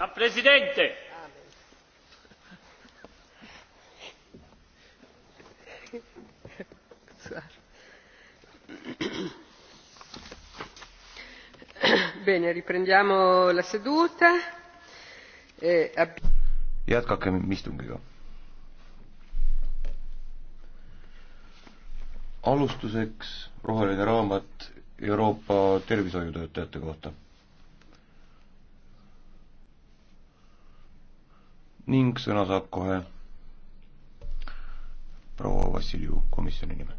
Herr Präsident! Bene, riprendiamo la seduta. Eh, Jätkakem istungiga. Alustuseks roheline raamat Euroopa tervishoiutöötajate kohta ning sõna saab kohe proua Vassiljev komisjoni nimel.